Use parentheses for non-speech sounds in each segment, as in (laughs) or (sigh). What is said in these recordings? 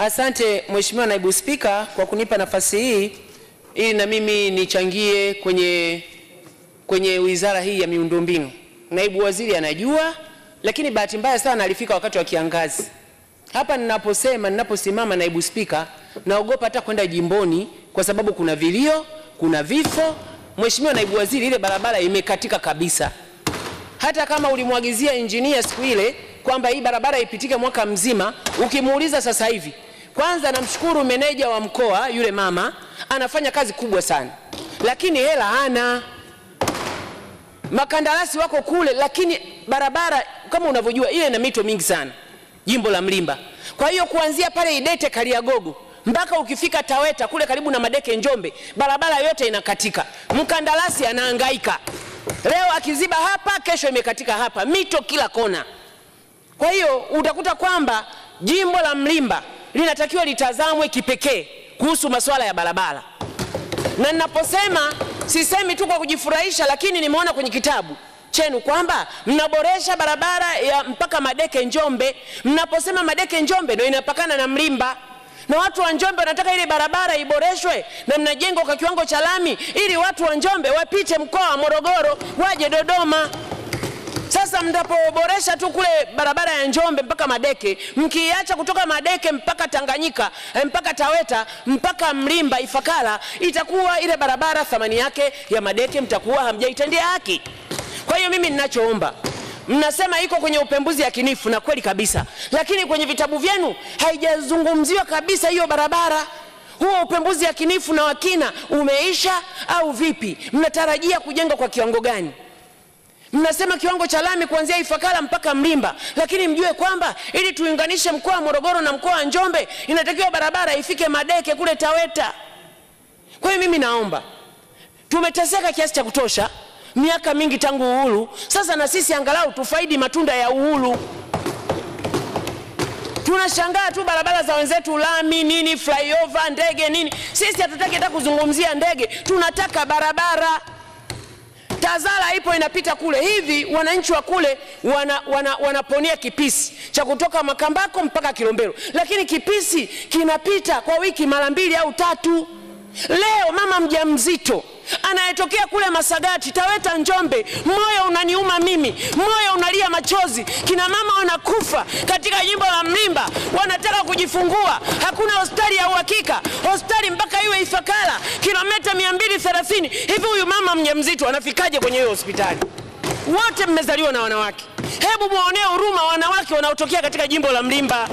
Asante Mheshimiwa Naibu Spika kwa kunipa nafasi hii ili na mimi nichangie kwenye, kwenye wizara hii ya miundombinu. Naibu waziri anajua, lakini bahati mbaya sana alifika wakati wa kiangazi. Hapa ninaposema, ninaposimama Naibu Spika, naogopa hata kwenda jimboni kwa sababu kuna vilio, kuna vifo. Mheshimiwa Naibu Waziri, ile barabara imekatika kabisa. Hata kama ulimwagizia injinia siku ile kwamba hii barabara ipitike mwaka mzima, ukimuuliza sasa hivi kwanza namshukuru meneja wa mkoa, yule mama anafanya kazi kubwa sana, lakini hela hana. Makandarasi wako kule, lakini barabara kama unavyojua ile ina mito mingi sana, jimbo la Mlimba. Kwa hiyo kuanzia pale Idete Kariagogo mpaka ukifika Taweta kule karibu na Madeke Njombe, barabara yote inakatika. Mkandarasi anahangaika, leo akiziba hapa, kesho imekatika hapa, mito kila kona. Kwa hiyo utakuta kwamba jimbo la Mlimba linatakiwa litazamwe kipekee kuhusu masuala ya barabara, na ninaposema sisemi tu kwa kujifurahisha, lakini nimeona kwenye kitabu chenu kwamba mnaboresha barabara ya mpaka Madeke Njombe. Mnaposema Madeke Njombe, ndio inapakana na Mlimba na watu wa Njombe wanataka ile barabara iboreshwe na mnajengwa kwa kiwango cha lami ili watu wa Njombe wapite mkoa wa Morogoro waje Dodoma sasa mtapoboresha tu kule barabara ya Njombe mpaka Madeke, mkiacha kutoka Madeke mpaka Tanganyika eh, mpaka Taweta mpaka Mlimba Ifakara, itakuwa ile barabara thamani yake ya Madeke mtakuwa hamjaitendea haki. Kwa hiyo mimi ninachoomba mnasema iko kwenye upembuzi yakinifu na kweli kabisa, lakini kwenye vitabu vyenu haijazungumziwa kabisa hiyo barabara. Huo upembuzi yakinifu na wakina umeisha au vipi? Mnatarajia kujenga kwa kiwango gani? Mnasema kiwango cha lami kuanzia Ifakara mpaka Mlimba, lakini mjue kwamba ili tuunganishe mkoa wa Morogoro na mkoa wa Njombe inatakiwa barabara ifike Madeke kule Taweta. Kwa hiyo mimi naomba, tumeteseka kiasi cha kutosha miaka mingi tangu uhuru. Sasa na sisi angalau tufaidi matunda ya uhuru. Tunashangaa tu barabara za wenzetu lami nini, flyover, ndege nini. Sisi hatutaki hata kuzungumzia ndege, tunataka barabara. TAZARA ipo inapita kule hivi, wananchi wa kule wana, wana, kipisi cha kutoka Makambako mpaka Kilombero, lakini kipisi kinapita kwa wiki mara mbili au tatu. Leo mama mjamzito anayetokea kule Masagati, Taweta, Njombe. Moyo unaniuma mimi, moyo unalia machozi. Kina mama wanakufa katika jimbo la Mlimba, wanataka kujifungua, hakuna hospitali ya uhakika, hospitali mpaka iwe Ifakara, kilomita thelathini Hivi huyu mama mjamzito anafikaje kwenye hiyo hospitali? Wote mmezaliwa na wanawake, hebu muonee huruma wanawake wanaotokea katika jimbo la Mlimba.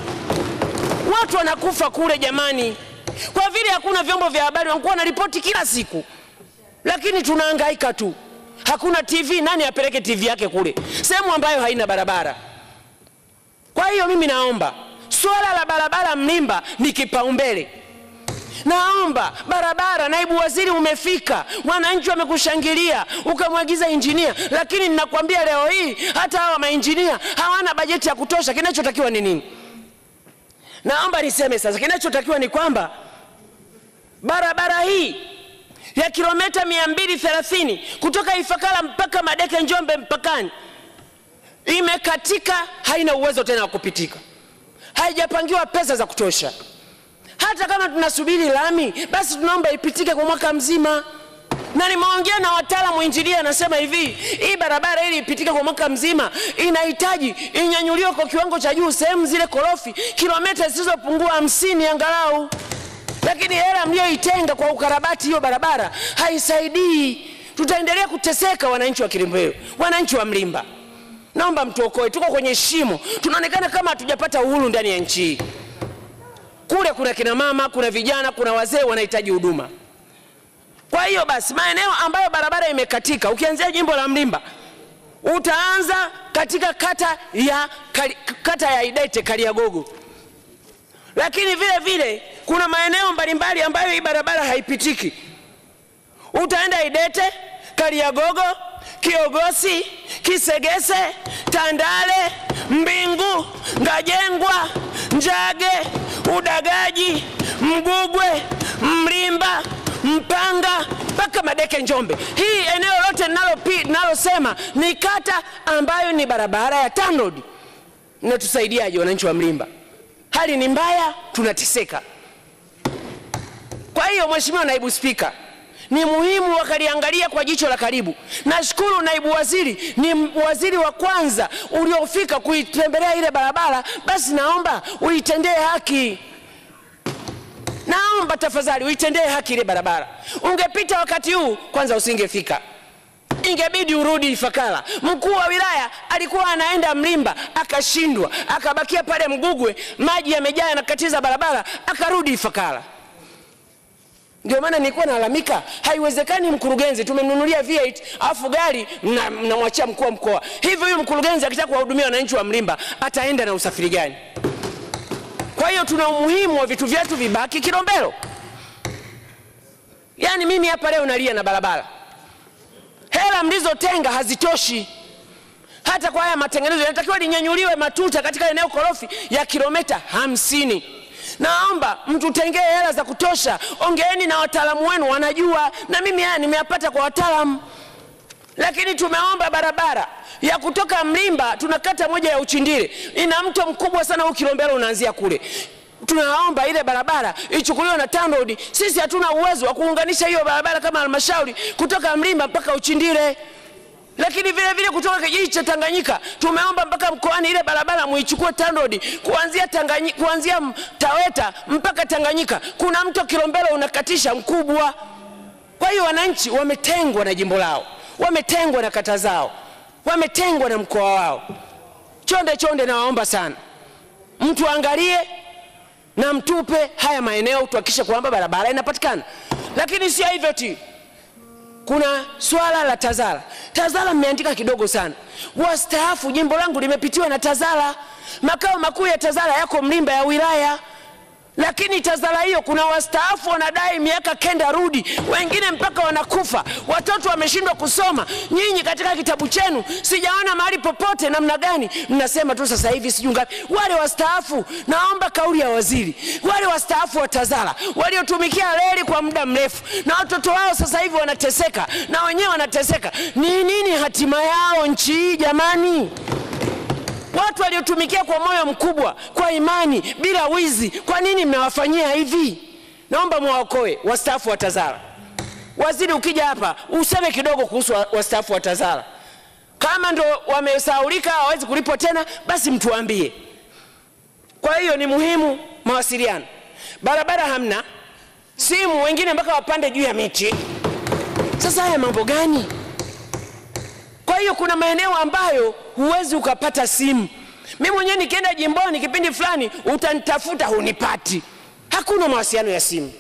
Watu wanakufa kule jamani, kwa vile hakuna vyombo vya habari, wanakuwa wanaripoti kila siku lakini tunahangaika tu, hakuna TV. Nani apeleke TV yake kule sehemu ambayo haina barabara? Kwa hiyo mimi naomba swala la barabara Mlimba ni kipaumbele. Naomba barabara, naibu waziri, umefika, wananchi wamekushangilia, ukamwagiza injinia, lakini ninakwambia leo hii hata hawa mainjinia hawana bajeti ya kutosha. Kinachotakiwa ni nini? Naomba niseme sasa, kinachotakiwa ni kwamba barabara hii ya kilomita 230 kutoka Ifakara mpaka Madeke Njombe mpakani imekatika, haina uwezo tena wa kupitika, haijapangiwa pesa za kutosha. Hata kama tunasubiri lami, basi tunaomba ipitike kwa mwaka mzima na nimeongea na wataalamu injinia, anasema hivi, hii barabara ili ipitike kwa mwaka mzima inahitaji inyanyuliwe kwa kiwango cha juu, sehemu zile korofi, kilomita zisizopungua hamsini angalau lakini hela mliyoitenga kwa ukarabati hiyo barabara haisaidii. Tutaendelea kuteseka wananchi wa Kilimbeo, wananchi wa Mlimba. Naomba mtuokoe, tuko kwenye shimo, tunaonekana kama hatujapata uhuru ndani ya nchi hii. Kule kuna kina mama, kuna vijana, kuna wazee wanahitaji huduma. Kwa hiyo basi, maeneo ambayo barabara imekatika, ukianzia jimbo la Mlimba utaanza katika kata ya, kata ya Idete Kariagogo lakini vile vile kuna maeneo mbalimbali ambayo hii barabara haipitiki. Utaenda Idete, Kariagogo, Kiogosi, Kisegese, Tandale, Mbingu, Ngajengwa, Njage, Udagaji, Mgugwe, Mlimba, Mpanga mpaka Madeke Njombe. Hii eneo lote nalosema ni kata ambayo ni barabara ya TANROADS. natusaidiaje wananchi wa Mlimba? hali ni mbaya, tunateseka. Kwa hiyo Mheshimiwa Naibu Spika, ni muhimu wakaliangalia kwa jicho la karibu. Nashukuru naibu waziri ni waziri wa kwanza uliofika kuitembelea ile barabara, basi naomba uitendee haki, naomba tafadhali uitendee haki ile barabara. Ungepita wakati huu kwanza, usingefika ingebidi urudi Ifakara. Mkuu wa wilaya alikuwa anaenda Mlimba akashindwa, akabakia pale Mgugwe, maji yamejaa yanakatiza barabara, akarudi Ifakara. Ndio maana nilikuwa nalalamika, haiwezekani mkurugenzi tumemnunulia V8 afu gari mnamwachia mkuu wa mkoa. Hivyo huyu mkurugenzi akitaka kuwahudumia wananchi wa Mlimba ataenda na usafiri gani? Kwa hiyo tuna umuhimu wa vitu vyetu vibaki Kilombero. Yaani mimi hapa leo nalia na barabara Hela mlizotenga hazitoshi hata kwa haya matengenezo, yanatakiwa linyanyuliwe matuta katika eneo korofi ya kilometa hamsini. Naomba mtutengee hela za kutosha, ongeeni na wataalamu wenu, wanajua na mimi haya nimeyapata kwa wataalamu. Lakini tumeomba barabara ya kutoka Mlimba tunakata moja ya Uchindiri, ina mto mkubwa sana huu, Kilombero unaanzia kule tunaomba ile barabara ichukuliwe na TANROADS. Sisi hatuna uwezo wa kuunganisha hiyo barabara kama halmashauri kutoka Mlimba mpaka Uchindile, lakini vile vile kutoka kijiji cha Tanganyika tumeomba mpaka mkoani, ile barabara muichukue TANROADS kuanzia Tanganyika, kuanzia Taweta mpaka Tanganyika. Kuna mto Kilombero unakatisha mkubwa. Kwa hiyo wananchi wametengwa na jimbo lao, wametengwa na kata zao, wametengwa na mkoa wao. Chonde chonde, nawaomba sana mtu angalie na mtupe haya maeneo tuhakikishe kwamba barabara inapatikana. Lakini si hivyo tu, kuna swala la TAZARA. TAZARA mmeandika kidogo sana. Wastaafu, jimbo langu limepitiwa na TAZARA. Makao makuu ya TAZARA yako Mlimba ya wilaya lakini TAZARA hiyo kuna wastaafu wanadai miaka kenda rudi, wengine mpaka wanakufa, watoto wameshindwa kusoma. Nyinyi katika kitabu chenu sijaona mahali popote namna gani, mnasema tu sasa hivi siju ngapi. Wale wastaafu, naomba kauli ya waziri, wale wastaafu wa TAZARA waliotumikia reli kwa muda mrefu na watoto wao sasa hivi wanateseka na wenyewe wanateseka, ni nini hatima yao nchi hii jamani? watu waliotumikia kwa moyo mkubwa, kwa imani, bila wizi. Kwa nini mnawafanyia hivi? Naomba mwaokoe wastaafu wa Tazara. Waziri, ukija hapa useme kidogo kuhusu wastaafu wa Tazara. Kama ndo wamesahaulika, hawawezi kulipwa tena, basi mtuambie. Kwa hiyo ni muhimu mawasiliano. Barabara hamna, simu, wengine mpaka wapande juu ya miti. Sasa haya mambo gani? Kwa hiyo kuna maeneo ambayo huwezi ukapata simu. Mimi mwenyewe nikienda jimboni kipindi fulani, utanitafuta hunipati, hakuna mawasiliano ya simu.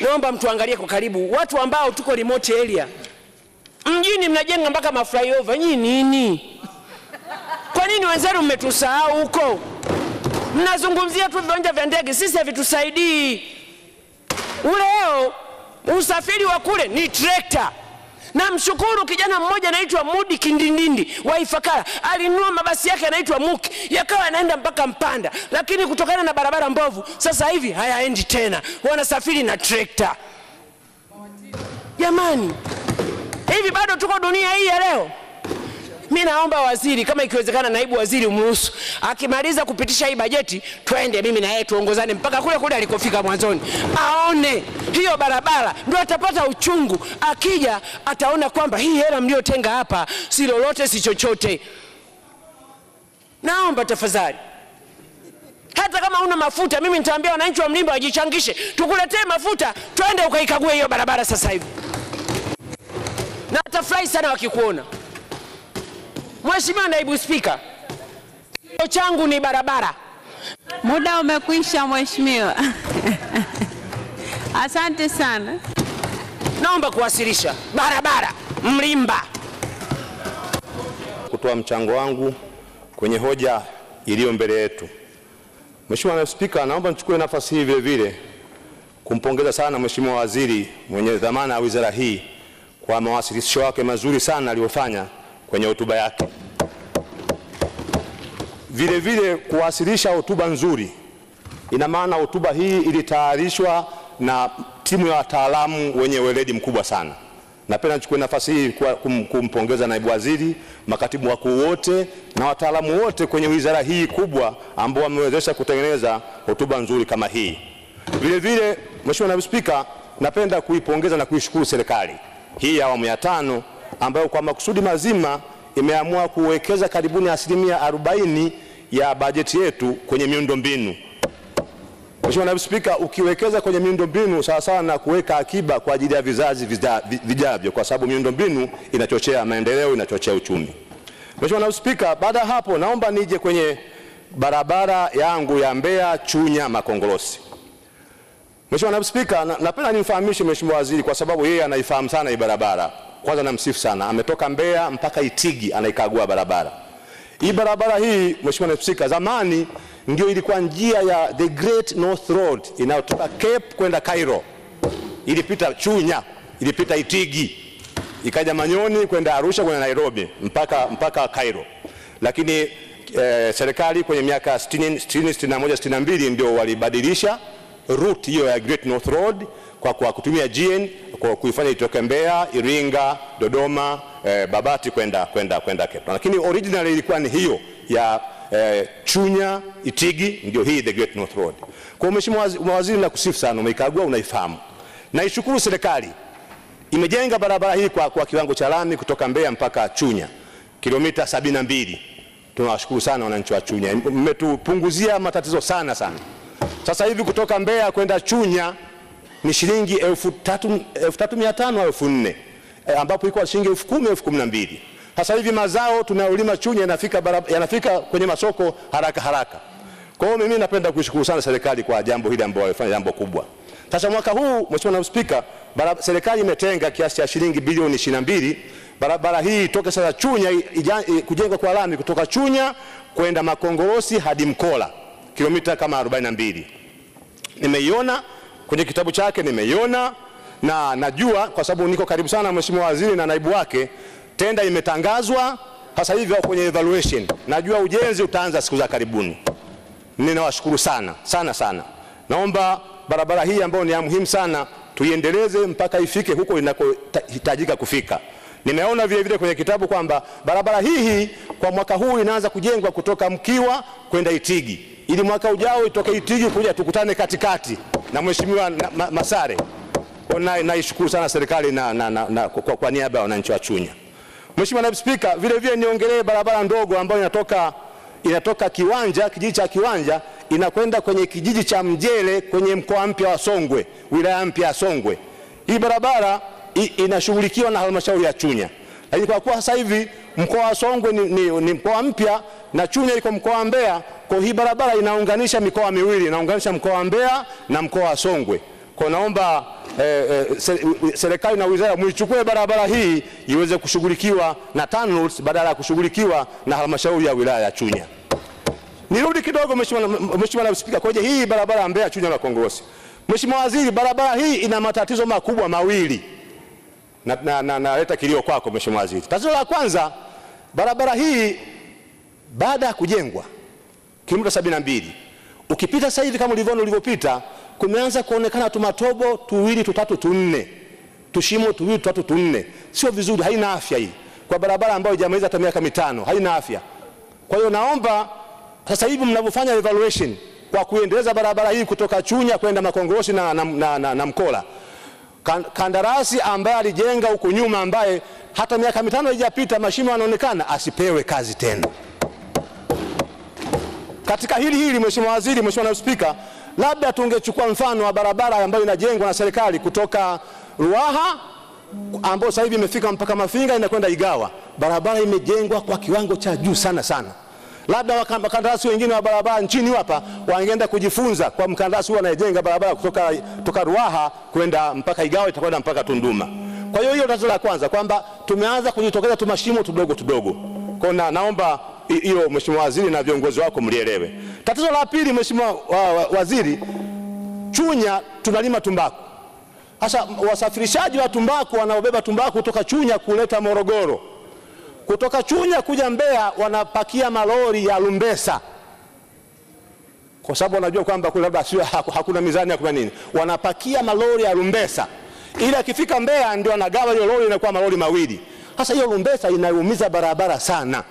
Naomba mtuangalie kwa karibu, watu ambao tuko remote area. Mjini mnajenga mpaka maflyover, nyinyi nini? Kwa nini wenzenu mmetusahau huko? Mnazungumzia tu viwanja vya ndege, sisi havitusaidii. Leo usafiri wa kule ni trekta Namshukuru kijana mmoja anaitwa Mudi Kindindindi wa Ifakara, alinua mabasi yake yanaitwa Muki, yakawa yanaenda mpaka Mpanda, lakini kutokana na barabara mbovu sasa hivi hayaendi tena, wanasafiri na trekta. Jamani, hivi bado tuko dunia hii ya leo? Mi naomba waziri, kama ikiwezekana, naibu waziri umruhusu, akimaliza kupitisha hii bajeti, twende mimi na yeye tuongozane mpaka kule kule alikofika mwanzoni, aone hiyo barabara, ndio atapata uchungu. Akija ataona kwamba hii hela mliotenga hapa si lolote, si chochote. Naomba tafadhali hata kama una mafuta, mimi nitaambia wananchi wa Mlimba wajichangishe, tukuletee mafuta, twende ukaikague hiyo barabara sasa hivi, na atafurahi sana wakikuona. Mheshimiwa Naibu Spika, kilio changu ni barabara. Muda umekwisha mheshimiwa. (laughs) Asante sana. Naomba kuwasilisha barabara Mlimba. Kutoa mchango wangu kwenye hoja iliyo mbele yetu. Mheshimiwa Naibu Spika, naomba nichukue nafasi hii vile vile kumpongeza sana Mheshimiwa Waziri mwenye dhamana ya wizara hii kwa mawasilisho yake mazuri sana aliyofanya kwenye hotuba yake. Vile vile kuwasilisha hotuba nzuri, ina maana hotuba hii ilitayarishwa na timu ya wataalamu wenye weledi mkubwa sana. Napenda nichukue nafasi hii kum, kumpongeza naibu waziri, makatibu wakuu wote na wataalamu wote kwenye wizara hii kubwa ambao wamewezesha kutengeneza hotuba nzuri kama hii. Vile vile, Mheshimiwa Naibu Spika, napenda kuipongeza na kuishukuru serikali hii ya awamu ya tano ambayo kwa makusudi mazima imeamua kuwekeza karibuni asilimia 40 ya bajeti yetu kwenye miundombinu. Mheshimiwa Naibu Spika, ukiwekeza kwenye miundombinu sawasawa na kuweka akiba kwa ajili ya vizazi vijavyo, kwa sababu miundombinu inachochea maendeleo, inachochea uchumi. Mheshimiwa Naibu Spika, baada ya hapo naomba nije kwenye barabara yangu ya Mbeya Chunya Makongorosi. Mheshimiwa Naibu Spika, napenda nimfahamishe Mheshimiwa Waziri kwa sababu yeye anaifahamu sana hii barabara kwanza namsifu sana, ametoka Mbeya mpaka Itigi anaikagua barabara hii. Barabara hii Mheshimiwa Naibu Spika, zamani ndio ilikuwa njia ya the Great North Road inayotoka Cape kwenda Cairo, ilipita Chunya, ilipita Itigi, ikaja Manyoni kwenda Arusha kwenda Nairobi mpaka, mpaka Cairo, lakini eh, serikali kwenye miaka 60, 61, 62 ndio walibadilisha route hiyo ya Great North Road kwa, kwa kutumia GN kwa kuifanya itoke Mbeya, Iringa, Dodoma, eh, Babati kwenda kwenda kwenda Cape Town, lakini original ilikuwa ni hiyo ya eh, Chunya Itigi, ndio hii the Great North Road. Kwa mheshimiwa waziri, na kusifu sana, umeikagua unaifahamu. Naishukuru serikali imejenga barabara hii kwa, kwa kiwango cha lami kutoka Mbeya mpaka Chunya kilomita mbili. Tunawashukuru sana wananchi wa Chunya, mmetupunguzia matatizo sana sana. Sasa hivi kutoka Mbeya kwenda Chunya ni shilingi elfu tatu, mia tano au elfu nne e, ambapo iko shilingi elfu kumi elfu kumi na mbili Sasa hivi mazao tunayolima Chunya yanafika, yanafika kwenye masoko haraka haraka. Kwa hiyo mimi napenda kuishukuru sana serikali kwa jambo hili ambalo walifanya jambo kubwa. Sasa mwaka huu Mheshimiwa Naibu Spika, serikali imetenga kiasi cha shilingi bilioni mbili barabara hii toke sasa Chunya kujengwa kwa lami kutoka Chunya kwenda Makongorosi hadi Mkola kilomita kama 42. Nimeiona kwenye kitabu chake nimeiona na najua kwa sababu niko karibu sana na mheshimiwa waziri na naibu wake. Tenda imetangazwa sasa hivi au kwenye evaluation, najua ujenzi utaanza siku za karibuni. Ninawashukuru sana sana sana. Naomba barabara hii ambayo ni ya muhimu sana tuiendeleze mpaka ifike huko inakohitajika kufika. Nimeona vile vile kwenye kitabu kwamba barabara hii kwa mwaka huu inaanza kujengwa kutoka Mkiwa kwenda Itigi, ili mwaka ujao itoke Itigi kuja tukutane katikati na mheshimiwa Masare. Naishukuru na sana serikali na, na, na, na, kwa, kwa niaba ya wananchi wa Chunya. Mheshimiwa Naibu Spika, vile vile niongelee barabara ndogo ambayo inatoka, inatoka Kiwanja, kijiji cha Kiwanja inakwenda kwenye kijiji cha Mjele kwenye mkoa mpya wa Songwe, wilaya mpya ya Songwe. Hii barabara inashughulikiwa na halmashauri ya Chunya, lakini kwa kuwa sasa hivi mkoa wa Songwe ni, ni, ni mkoa mpya na Chunya iko mkoa wa Mbeya, kwa hii barabara inaunganisha mikoa miwili, inaunganisha mkoa wa Mbeya na mkoa wa Songwe. Kwa naomba eh, eh, serikali na wizara muichukue barabara hii iweze kushughulikiwa na TANROADS badala ya kushughulikiwa na halmashauri ya wilaya ya Chunya. Nirudi kidogo Mheshimiwa Naibu Spika, kwenye hii barabara ya Mbeya Chunya na Kongosi. Mheshimiwa Waziri, barabara hii ina matatizo makubwa mawili, naleta na, na, na kilio kwako Mheshimiwa Waziri. Tatizo la kwanza, barabara hii baada ya kujengwa kilomita mbili. Ukipita sasa hivi kama ulivyoona ulivyopita, kumeanza kuonekana tumatobo tuwili tutatu tunne, tushimo tuwili tutatu tunne. Sio vizuri, haina afya hii kwa barabara ambayo ijamaliza hata miaka mitano, haina afya. Kwa hiyo naomba sasa hivi mnavyofanya evaluation kwa kuendeleza barabara hii kutoka Chunya kwenda Makongorosi na, na, na, na, na Mkola, kandarasi ambaye alijenga huko nyuma, ambaye hata miaka mitano haijapita mashimo yanaonekana, asipewe kazi tena. Katika hili hili, Mheshimiwa Waziri, Mheshimiwa Naibu Spika, labda tungechukua mfano wa barabara ambayo inajengwa na serikali kutoka Ruaha ambayo sasa hivi imefika mpaka Mafinga inakwenda Igawa. Barabara imejengwa kwa kiwango cha juu sana sana labda wakandarasi wengine wa barabara nchini hapa wangeenda kujifunza kwa mkandarasi huyo anayejenga barabara kutoka, kutoka Ruaha kwenda mpaka Igawa itakwenda mpaka Tunduma. Kwa hiyo hiyo tatizo la kwanza kwamba tumeanza kujitokeza tu mashimo tudogo tudogo. Kwa na, naomba hiyo mheshimiwa waziri na viongozi wako mlielewe. Tatizo la pili, mheshimiwa waziri, Chunya tunalima tumbaku. Sasa wasafirishaji wa tumbaku wanaobeba tumbaku kutoka Chunya kuleta Morogoro, kutoka Chunya kuja Mbeya wanapakia malori ya lumbesa kwa sababu wanajua kwamba kule labda sio hakuna mizani ya kwa nini, wanapakia malori ya lumbesa, ili akifika Mbeya ndio anagawa hiyo lori, inakuwa malori mawili. Sasa hiyo lumbesa inaumiza barabara sana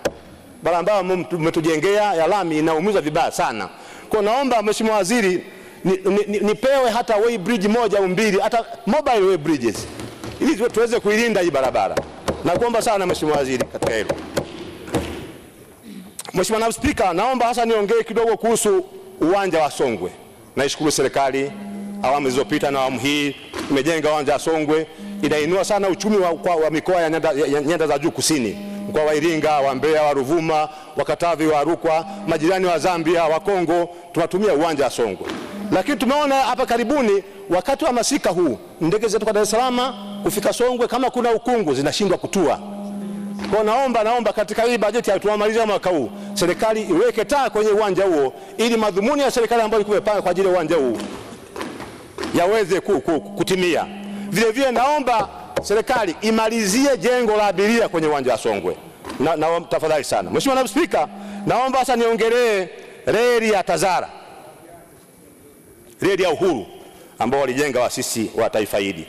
barabara ambayo mmetujengea ya lami inaumiza vibaya sana. Kwa naomba Mheshimiwa Waziri nipewe ni, ni, hata way bridge moja au mbili, hata mobile way bridges ili tuweze kuilinda hii barabara. Nakuomba sana Mheshimiwa Waziri katika hilo. Mheshimiwa Naibu Spika, naomba hasa niongee kidogo kuhusu uwanja wa Songwe. Naishukuru serikali awamu zilizopita na awamu hii imejenga uwanja wa Songwe, inainua sana uchumi wa, wa mikoa ya nyanda, ya nyanda za juu kusini mkoa wa Iringa, wa Mbeya, wa Ruvuma, wa Katavi, wa Rukwa, majirani wa Zambia, wa Kongo, tunatumia uwanja wa Songwe. Lakini tumeona hapa karibuni, wakati wa masika huu, ndege zetu kwa Dar es Salaam kufika Songwe, kama kuna ukungu zinashindwa kutua. Kwa naomba naomba katika hii bajeti tunamaliza mwaka huu, serikali iweke taa kwenye uwanja huo, ili madhumuni ya serikali ambayo ilikuwa imepanga kwa ajili ya uwanja huu yaweze kutimia. Vilevile naomba serikali imalizie jengo la abiria kwenye uwanja wa Songwe na, na tafadhali sana Mheshimiwa Naibu Spika, naomba sasa niongelee reli ya Tazara, reli ya Uhuru ambao walijenga waasisi wa taifa hili.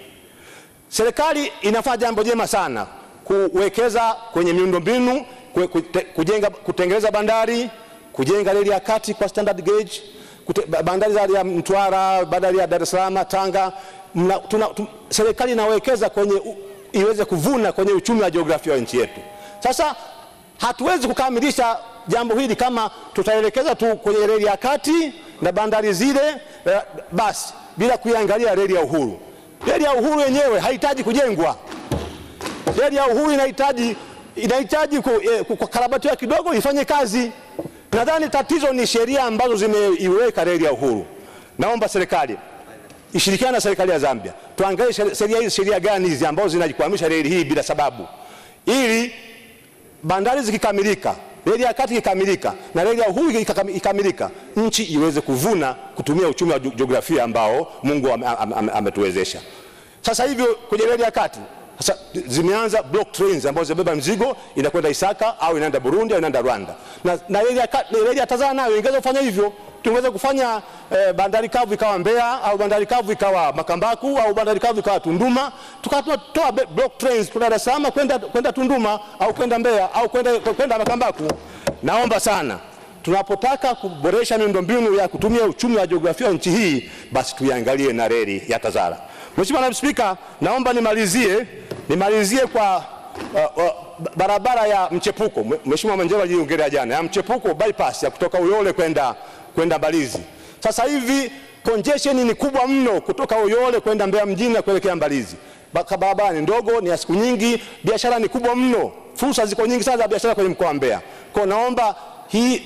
Serikali inafanya jambo jema sana kuwekeza kwenye miundombinu, kujenga, kutengeneza bandari, kujenga reli ya kati kwa standard gauge, bandari ya Mtwara, bandari ya Dar es Salaam, Tanga mna, tuna, tu, serikali inawekeza kwenye u, iweze kuvuna kwenye uchumi wa jiografia wa nchi yetu. Sasa hatuwezi kukamilisha jambo hili kama tutaelekeza tu kwenye reli ya kati na bandari zile eh, basi bila kuiangalia reli ya Uhuru. Reli ya Uhuru yenyewe haihitaji kujengwa. Reli ya Uhuru inahitaji inahitaji kukarabatiwa eh, kidogo ifanye kazi. Nadhani tatizo ni sheria ambazo zimeiweka reli ya Uhuru. Naomba serikali ishirikiana na serikali ya Zambia, tuangalie sheria hizi, sheria gani hizi ambazo zinajikwamisha reli hii bila sababu, ili bandari zikikamilika, reli ya kati ikikamilika na reli ya Uhuru ikikamilika, nchi iweze kuvuna kutumia uchumi wa jiografia ambao Mungu ametuwezesha am, am, ametuwezesha. Sasa hivyo kwenye reli ya kati sasa zimeanza block trains ambazo zinabeba mzigo inakwenda Isaka au inaenda Burundi au inaenda Rwanda, na reli ya Tanzania nayo ingeweza kufanya hivyo tungeweza kufanya e, bandari kavu ikawa Mbeya au bandari kavu ikawa Makambaku au bandari kavu ikawa Tunduma, tukatoa block trains kutoka Dar es Salaam kwenda kwenda Tunduma au kwenda Mbeya au kwenda kwenda Makambaku. Naomba sana tunapotaka kuboresha miundombinu ya kutumia uchumi wa jiografia wa nchi hii, basi tuiangalie na reli ya Tazara. Mheshimiwa Naibu Spika, naomba nimalizie nimalizie kwa uh, uh, barabara ya mchepuko. Mheshimiwa Manjelo aliongelea jana ya mchepuko bypass ya kutoka Uyole kwenda kwenda Balizi. Sasa hivi congestion ni kubwa mno kutoka Uyole kwenda Mbeya mjini na kuelekea Mbalizi. Barabara ni ndogo, ni ya siku nyingi, biashara ni kubwa mno, fursa ziko nyingi sana za biashara kwenye mkoa wa Mbeya. Kwa naomba hii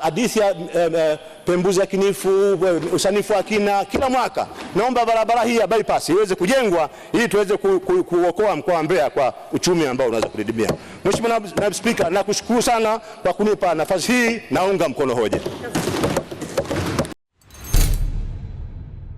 hadithi ya eh, pembuzi ya kinifu, usanifu wa kina. Kila mwaka naomba barabara hii ya bypass iweze kujengwa ili tuweze kuokoa ku, ku, mkoa wa Mbeya kwa uchumi ambao unaweza kudidimia. Mheshimiwa Naibu Spika, nakushukuru sana kwa kunipa nafasi hii, naunga mkono hoja.